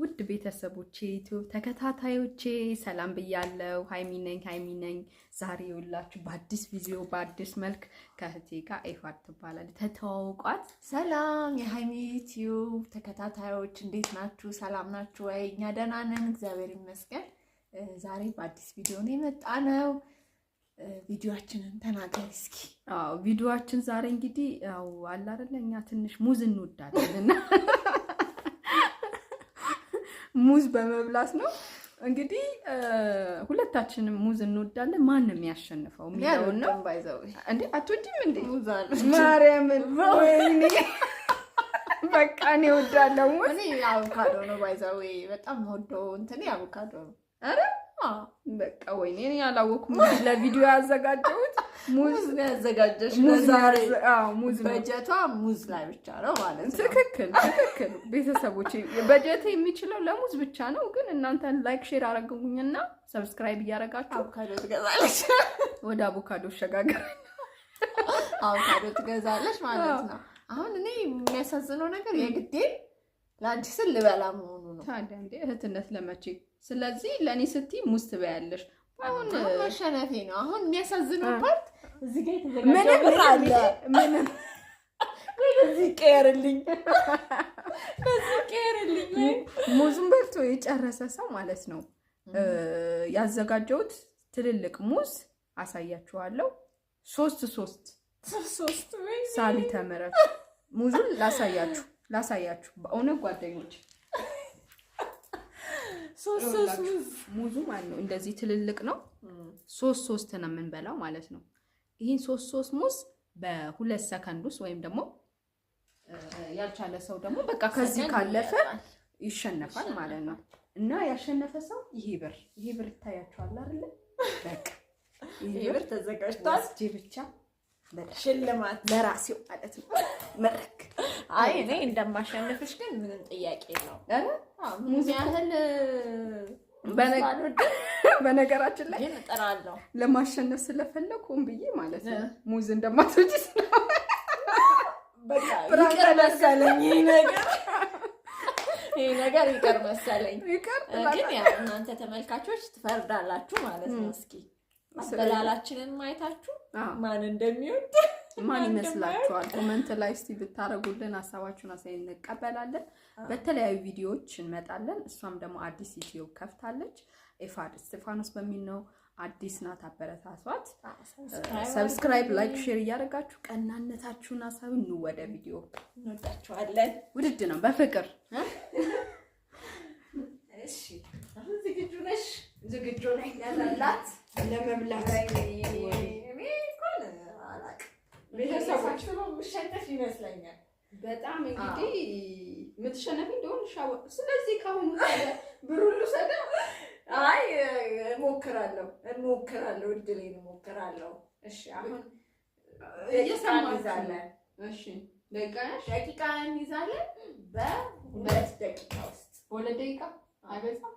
ውድ ቤተሰቦቼ ዩቱብ ተከታታዮቼ ሰላም ብያለው። ሀይሚ ነኝ ሀይሚ ነኝ። ዛሬ የውላችሁ በአዲስ ቪዲዮ በአዲስ መልክ ከህቴ ጋር ኤፋር ትባላል ተተዋውቋት። ሰላም የሀይሚ ዩቱብ ተከታታዮች እንዴት ናችሁ? ሰላም ናችሁ ወይ? እኛ ደህና ነን እግዚአብሔር ይመስገን። ዛሬ በአዲስ ቪዲዮ ነው የመጣ ነው። ቪዲዮችንን ተናገር እስኪ። ቪዲዮችን ዛሬ እንግዲህ ያው እኛ ትንሽ ሙዝ እንወዳለንና ሙዝ በመብላት ነው። እንግዲህ ሁለታችንም ሙዝ እንወዳለን። ማን ነው የሚያሸንፈው የሚለውን ነው። እንዴ አትወጂም እንዴ? ማርያምን ወይኔ በቃ እኔ እወዳለሁ። ሙዝ እኔ አቮካዶ ነው ባይዛዌ በጣም ወዶ እንትን አቮካዶ ነው። ኧረ በቃ ወይኔ እኔ አላወኩም። ለቪዲዮ ያዘጋጀሁት ሙዝ ያዘጋጀሽ ለዛሬ በጀቷ ሙዝ ላይ ብቻ ነው ማለት ነው። ትክክል ትክክል። ቤተሰቦች በጀት የሚችለው ለሙዝ ብቻ ነው። ግን እናንተን ላይክ ሼር አረጉኝና ሰብስክራይብ እያረጋችሁ አቮካዶ ትገዛለች፣ ወደ አቮካዶ ሸጋገር አቮካዶ ትገዛለች ማለት ነው። አሁን እኔ የሚያሳዝነው ነገር የግዴ ለአንቺ ስል ልበላ መሆኑ ነው። ታዲያ እንዴ እህትነት ለመቼ? ስለዚህ ለእኔ ስቲ ሙዝ ትበያለሽ። አሁን መሸነፌ ነው አሁን የሚያሳዝነው ፓርት ምንም አለ ምንም ይቀየርልኝ ሙዙን በልቶ የጨረሰ ሰው ማለት ነው። ያዘጋጀሁት ትልልቅ ሙዝ አሳያችኋለሁ። ሶስት ሶስት ሳሊ ተምረት ሙዙን ላሳያችሁ ላሳያችሁ በእውነት ጓደኞች ሙዙ ማለት ነው እንደዚህ ትልልቅ ነው። ሶስት ሶስት ነው የምንበላው ማለት ነው። ይህን ሶስት ሶስት ሙዝ በሁለት ሰከንድ ውስጥ ወይም ደግሞ ያልቻለ ሰው ደግሞ በቃ ከዚህ ካለፈ ይሸነፋል ማለት ነው። እና ያሸነፈ ሰው ይሄ ብር ይሄ ብር ይታያቸዋል አይደለ? በቃ ይሄ ብር ተዘጋጅቷል። እጄ ብቻ ሽልማት ለራሴው ማለት ነው። መድረክ አይ እኔ እንደማሸነፍሽ ግን ምንም ጥያቄ የለውም። ሙዚያህል በነገራችን ላይ ለማሸነፍ ስለፈለግ ሆን ብዬ ማለት ነው ሙዝ እንደማትወጪ ስለመሰለኝ ይህ ነገር ይቀር መሰለኝ። ግን ያው እናንተ ተመልካቾች ትፈርዳላችሁ ማለት ነው። እስኪ አበላላችንን ማየታችሁ ማን እንደሚወድ ማን ይመስላችኋል? ኮመንት ላይ እስቲ ብታረጉልን ሀሳባችሁን አሳይ እንቀበላለን። በተለያዩ ቪዲዮዎች እንመጣለን። እሷም ደግሞ አዲስ ዩቲዩብ ከፍታለች። ኤፋድ እስጢፋኖስ በሚል ነው። አዲስ ናት፣ አበረታቷት። ሰብስክራይብ፣ ላይክ፣ ሼር እያደረጋችሁ ቀናነታችሁን ሀሳብ ኑ ወደ ቪዲዮ እንወዳችኋለን። ውድድ ነው በፍቅር እሺ። ዝግጁ ነሽ? ዝግጁ ነኝ ለመብላት ቤተሰቦች የምሸነፍ ይመስለኛል። በጣም እንግዲህ የምትሸነፍ እንደሆን ይሻወቅ። ስለዚህ ከአሁኑ ብሩን ልውሰድ። አይ እሞክራለሁ፣ እሞክራለሁ፣ እድሌን እሞክራለሁ። እሺ አሁን እየሰማዛለን። እሺ ደቂቃ እንይዛለን። በሁለት ደቂቃ ውስጥ በሁለት ደቂቃ አይበዛም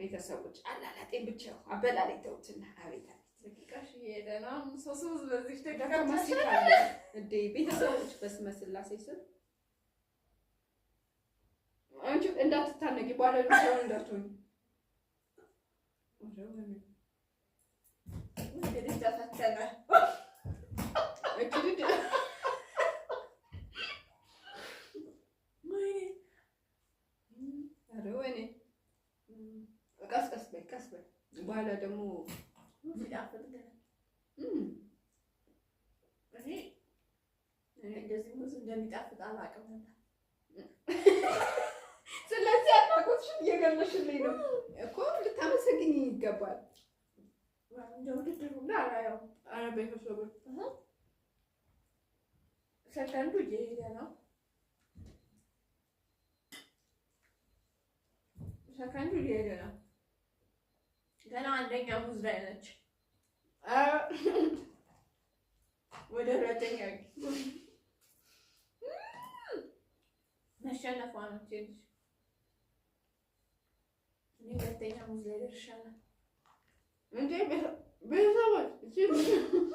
ቤተሰቦች አላላጤን ብቻ አበላሌ ተውትና፣ አቤት ቤተሰቦች በስመ ስላሴ ስም አንቺ እንዳትታነቂ ባለ እንዳትሆኝ ተፈተነ። እንደሚጣፍጥ አላውቅም ነበር። ስለዚህ አድናቆትሽን እየገለሽልኝ ነው እኮ ልታመሰግኝ ይገባል። ውድድሩና አላየው አረ ቤተሰቦች ሰከንዱ እየሄደ ነው። ሰከንዱ እየሄደ ነው። ገና አንደኛ ሙዝ ላይ ነች። ወደ ሁለተኛ antes. a tengamos inşallah. Não tem, bir savaş. Şimdi.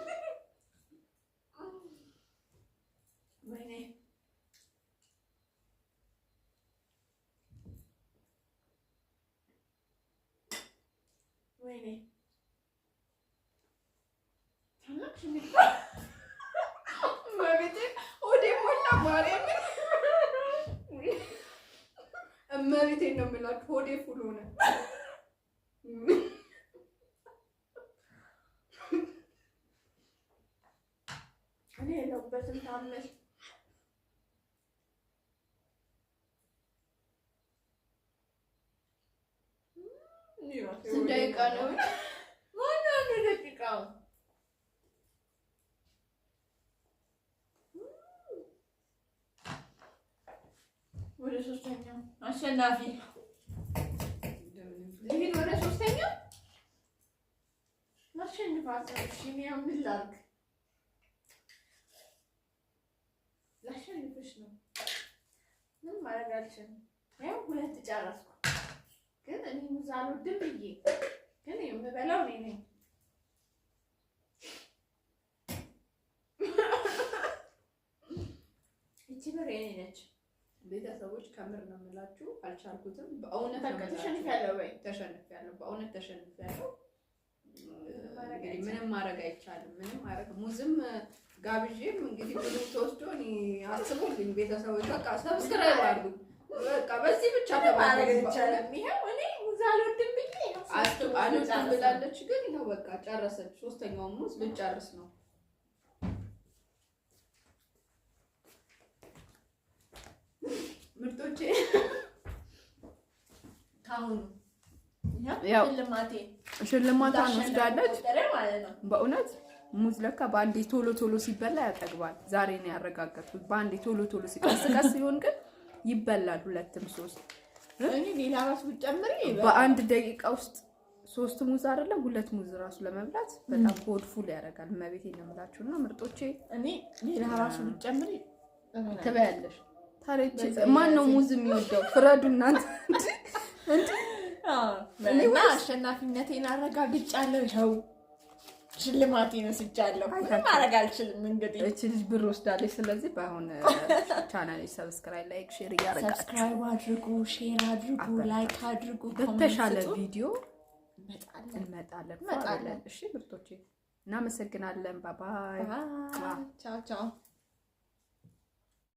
Beni. Beni. Tanrım şimdi. እኔ የለሁበትም ታመሽ ወደ ሶስተኛው አሸናፊ ይህን ወደ ሶስተኛው አሸንፋ ምን ላድርግ? አሸንፎሽ ነው። ምንም ማድረግ አልችልም። ያው ሁለት ጨረስኩ። ግን እኔ ሙዝ አልወድም ብዬ ግን የምበላው እኔ ነኝ። ይቺ ብር የኔ ነች። ቤተሰቦች ከምር ነው የምላችሁ፣ አልቻልኩትም። በእውነት ተሸንፊያለሁ ወይ ተሸንፊያለሁ፣ በእውነት ተሸንፊያለሁ። ምንም ማድረግ አይቻልም። ምንም ማድረግ ሙዝም ጋብዤም እንግዲህ ብሉ ተወስዶ አስቡልኝ ቤተሰቦች በቃ ሰብስክራይብ አሉ። በቃ በዚህ ብቻ ተባረግ ይቻላል። ይሄው እኔ ዛሎድን ብዬ አልወድም ብላለች፣ ግን ይኸው በቃ ጨረሰች። ሶስተኛው ሙዝ ልጨርስ ነው። ምርጦቼ ታሁኑ ሽልማቴ ሽልማቷን ወስዳለች በእውነት ሙዝ ለካ በአንዴ ቶሎ ቶሎ ሲበላ ያጠግባል። ዛሬ ነው ያረጋገጥኩት። በአንዴ ቶሎ ቶሎ ሲቀስ ቀስ ሲሆን ግን ይበላል። ሁለትም ሶስት እኔ ሌላ ራሱ ብጨምር በአንድ ደቂቃ ውስጥ ሶስት ሙዝ አይደለም ሁለት ሙዝ ራሱ ለመብላት በጣም ሆድ ፉል ያደርጋል። መቤቴ ነምላችሁ እና ምርጦቼ እኔ ሌላ ራሱ ብጨምር ትበያለሽ። ታዲያ ማን ነው ሙዝ የሚወደው? ፍረዱ እናንተ። እንዴ አሸናፊነቴን አረጋግጫለሁ። ይኸው ሽልማት ይነስቻለሁ። ምንም ማድረግ አልችልም። እንግዲህ እቺ ልጅ ብር ወስዳለች። ስለዚህ በአሁን ቻናል ሰብስክራይብ፣ ላይክ፣ ሼር እያደረጋችሁ ሰብስክራይብ አድርጉ፣ ሼር አድርጉ፣ ላይክ አድርጉ። በተሻለ ቪዲዮ እንመጣለን። እሺ ምርቶቼ፣ እናመሰግናለን። ባባይ ቻው ቻው።